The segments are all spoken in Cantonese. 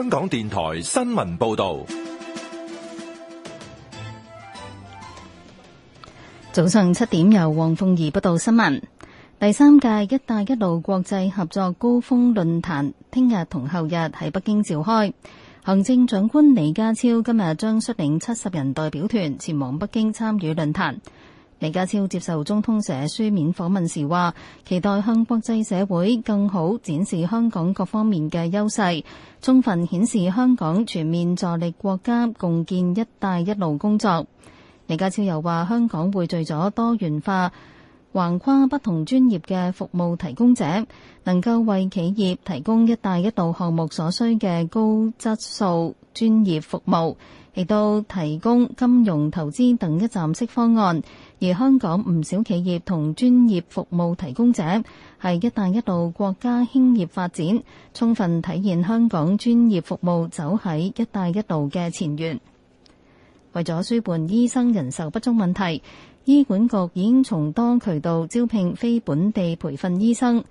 香港電台新聞報道，早上七點由黃鳳儀報道新聞。第三屆一帶一路國際合作高峰論壇聽日同後日喺北京召開，行政長官李家超今日將率領七十人代表團前往北京參與論壇。李家超接受中通社書面訪問時話，期待向國際社會更好展示香港各方面嘅優勢，充分顯示香港全面助力國家共建“一帶一路”工作。李家超又話，香港匯聚咗多元化、橫跨不同專業嘅服務提供者，能夠為企業提供“一帶一路”項目所需嘅高質素。專業服務，亦都提供金融投資等一站式方案。而香港唔少企業同專業服務提供者，係一帶一路國家興業發展，充分體現香港專業服務走喺一帶一路嘅前沿。為咗舒緩醫生人手不足問題，醫管局已經從多渠道招聘非本地培訓醫生。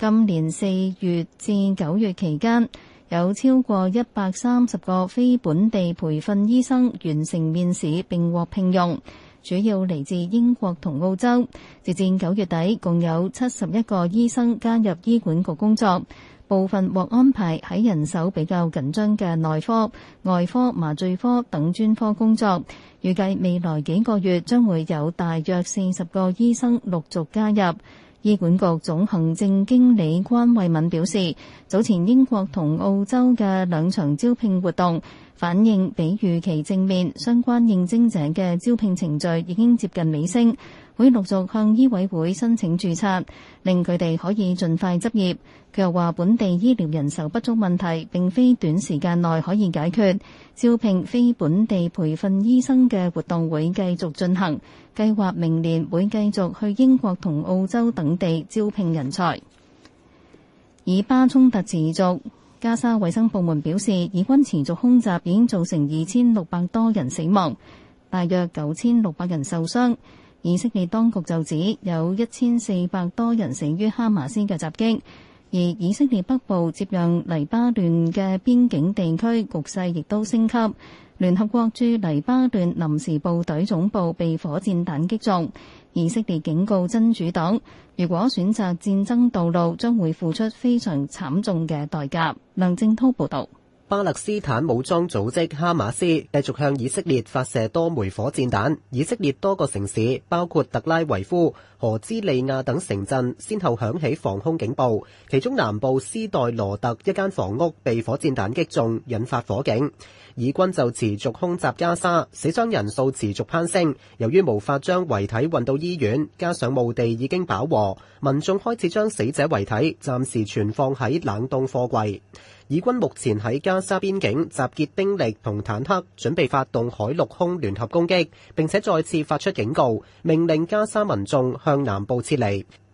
今年四月至九月期間，有超過一百三十個非本地培訓醫生完成面試並獲聘用，主要嚟自英國同澳洲。直至九月底，共有七十一個醫生加入醫管局工作，部分獲安排喺人手比較緊張嘅內科、外科、麻醉科等專科工作。預計未來幾個月將會有大約四十個醫生陸續加入。醫管局總行政經理關慧敏表示，早前英國同澳洲嘅兩場招聘活動反應比預期正面，相關應徵者嘅招聘程序已經接近尾聲。會陸續向醫委會申請註冊，令佢哋可以盡快執業。佢又話，本地醫療人手不足問題，並非短時間內可以解決。招聘非本地培訓醫生嘅活動會繼續進行，計劃明年會繼續去英國同澳洲等地招聘人才。以巴衝突持續，加沙衛生部門表示，以軍持續空襲已經造成二千六百多人死亡，大約九千六百人受傷。以色列當局就指有一千四百多人死於哈馬斯嘅襲擊，而以色列北部接壤黎巴嫩嘅邊境地區局勢亦都升級。聯合國駐黎巴嫩臨時部隊總部被火箭彈擊中。以色列警告真主黨，如果選擇戰爭道路，將會付出非常慘重嘅代價。梁正濤報導。巴勒斯坦武裝組織哈馬斯繼續向以色列發射多枚火箭彈，以色列多個城市，包括特拉維夫、荷茲利亞等城鎮，先後響起防空警報。其中南部斯代羅特一間房屋被火箭彈擊中，引發火警。以軍就持續空襲加沙，死傷人數持續攀升。由於無法將遺體運到醫院，加上墓地已經飽和，民眾開始將死者遺體暫時存放喺冷凍貨櫃。以軍目前喺加沙邊境集結兵力同坦克，準備發動海陸空聯合攻擊，並且再次發出警告，命令加沙民眾向南部撤離。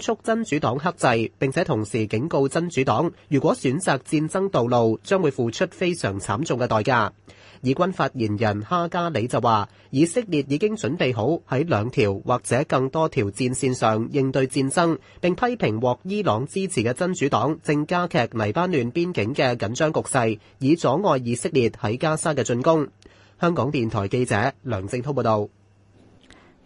促真主黨克制，並且同時警告真主黨，如果選擇戰爭道路，將會付出非常慘重嘅代價。以軍發言人哈加里就話以色列已經準備好喺兩條或者更多條戰線上應對戰爭，並批評獲伊朗支持嘅真主黨正加劇黎巴嫩邊境嘅緊張局勢，以阻礙以色列喺加沙嘅進攻。香港電台記者梁正濤報道。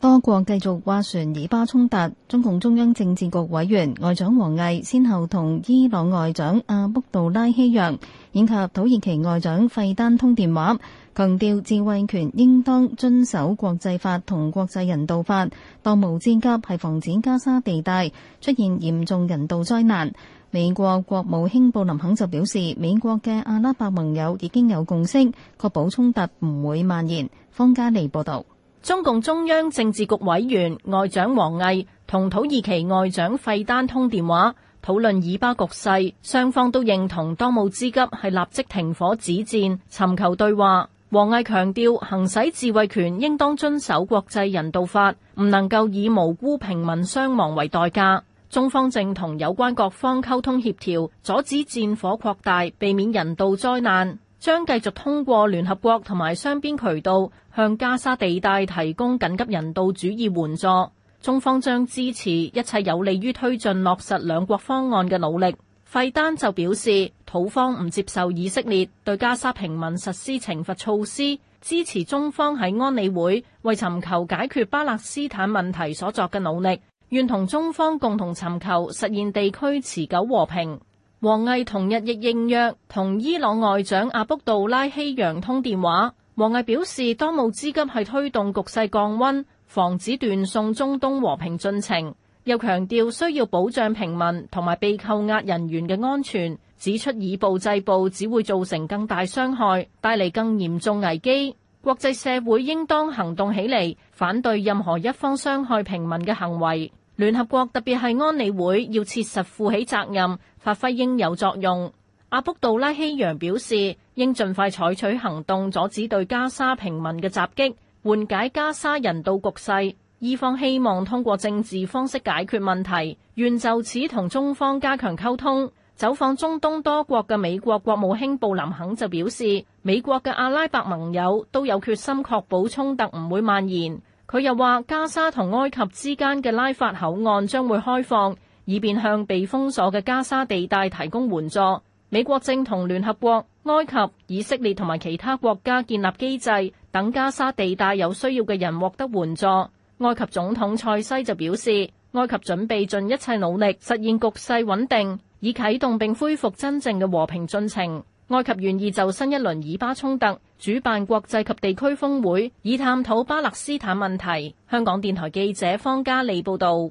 多國繼續斡旋以巴衝突，中共中央政治局委員外長王毅先後同伊朗外長阿卜杜拉希揚以及土耳其外長費丹通電話，強調自衛權應當遵守國際法同國際人道法，當務之急係防止加沙地帶出現嚴重人道災難。美國國務卿布林肯就表示，美國嘅阿拉伯盟友已經有共識，確保衝突唔會蔓延。方家莉報道。中共中央政治局委員外長王毅同土耳其外長費丹通電話，討論以巴局勢，雙方都認同當務之急係立即停火止戰，尋求對話。王毅強調，行使自衛權應當遵守國際人道法，唔能夠以無辜平民傷亡為代價。中方正同有關各方溝通協調，阻止戰火擴大，避免人道災難。將繼續通過聯合國同埋雙邊渠道向加沙地帶提供緊急人道主義援助。中方將支持一切有利於推進落實兩國方案嘅努力。費丹就表示，土方唔接受以色列對加沙平民實施懲罰措施，支持中方喺安理會為尋求解決巴勒斯坦問題所作嘅努力，願同中方共同尋求實現地區持久和平。王毅同日亦應約同伊朗外長阿卜杜拉希揚通電話。王毅表示，當務之急係推動局勢降温，防止斷送中東和平進程。又強調需要保障平民同埋被扣押人員嘅安全，指出以暴制暴只會造成更大傷害，帶嚟更嚴重危機。國際社會應當行動起嚟，反對任何一方傷害平民嘅行為。聯合國特別係安理會要切實負起責任。發揮應有作用。阿卜杜拉希揚表示，應盡快採取行動，阻止對加沙平民嘅襲擊，緩解加沙人道局勢。伊方希望通過政治方式解決問題，願就此同中方加強溝通。走訪中東多國嘅美國國務卿布林肯就表示，美國嘅阿拉伯盟友都有決心確保衝突唔會蔓延。佢又話，加沙同埃及之間嘅拉法口岸將會開放。以便向被封鎖嘅加沙地帶提供援助，美國正同聯合國、埃及、以色列同埋其他國家建立機制，等加沙地帶有需要嘅人獲得援助。埃及總統塞西就表示，埃及準備盡一切努力實現局勢穩定，以啟動並恢復真正嘅和平進程。埃及願意就新一輪以巴衝突主辦國際及地區峰會，以探討巴勒斯坦問題。香港電台記者方嘉莉報道。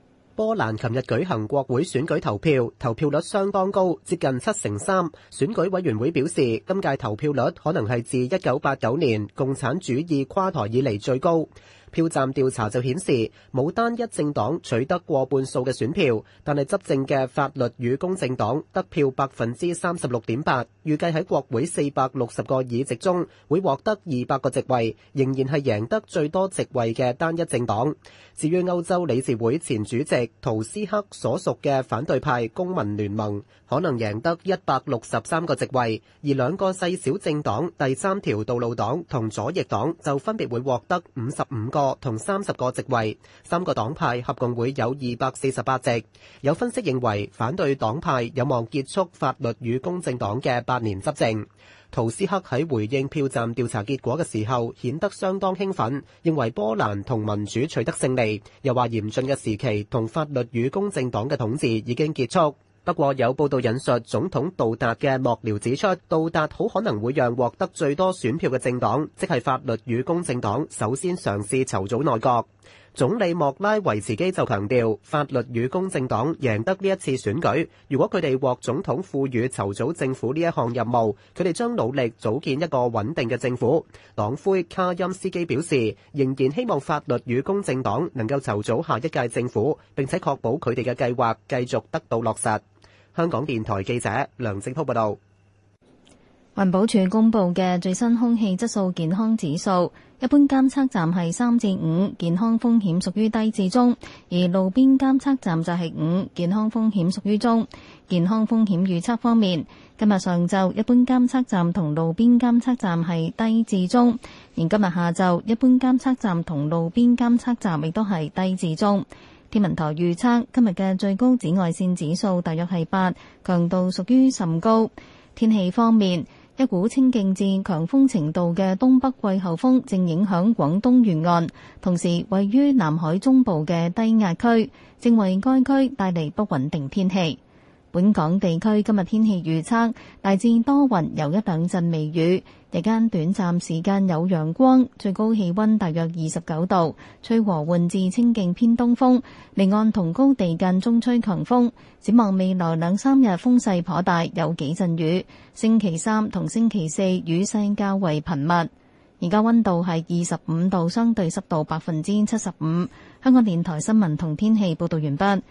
波蘭琴日舉行國會選舉投票，投票率相當高，接近七成三。選舉委員會表示，今屆投票率可能係自一九八九年共產主義垮台以嚟最高。票站調查就顯示冇單一政黨取得過半數嘅選票，但係執政嘅法律與公正黨得票百分之三十六點八，預計喺國會四百六十個議席中會獲得二百個席位，仍然係贏得最多席位嘅單一政黨。至於歐洲理事會前主席圖斯克所屬嘅反對派公民聯盟，可能贏得一百六十三個席位，而兩個細小政黨第三條道路黨同左翼黨就分別會獲得五十五個同三十個席位，三個黨派合共會有二百四十八席。有分析認為，反對黨派有望結束法律與公正黨嘅八年執政。陶斯克喺回應票站調查結果嘅時候，顯得相當興奮，認為波蘭同民主取得勝利，又話嚴峻嘅時期同法律與公正黨嘅統治已經結束。不過有報道引述總統杜達嘅幕僚指出，杜達好可能會讓獲得最多選票嘅政黨，即係法律與公正黨，首先嘗試籌組內閣。總理莫拉維茨基就強調，法律與公正黨贏得呢一次選舉，如果佢哋獲總統賦予籌組政府呢一項任務，佢哋將努力組建一個穩定嘅政府。黨魁卡欽斯基表示，仍然希望法律與公正黨能夠籌組下一屆政府，並且確保佢哋嘅計劃繼續得到落實。香港電台記者梁正濤報道。環保署公布嘅最新空氣質素健康指數，一般監測站係三至五，健康風險屬於低至中；而路邊監測站就係五，健康風險屬於中。健康風險預測方面，今日上晝一般監測站同路邊監測站係低至中，而今日下晝一般監測站同路邊監測站亦都係低至中。天文台預測，今日嘅最高紫外線指數大約係八，強度屬於甚高。天氣方面，一股清勁至強風程度嘅東北季候風正影響廣東沿岸，同時位於南海中部嘅低壓區正為該區帶嚟不穩定天氣。本港地區今日天氣預測，大致多雲，有一兩陣微雨。日間短暫時間有陽光，最高氣溫大約二十九度，吹和緩至清勁偏東風。離岸同高地間中吹強風。展望未來兩三日風勢頗大，有幾陣雨。星期三同星期四雨勢較為頻密。而家溫度係二十五度，相對濕度百分之七十五。香港電台新聞同天氣報道完畢。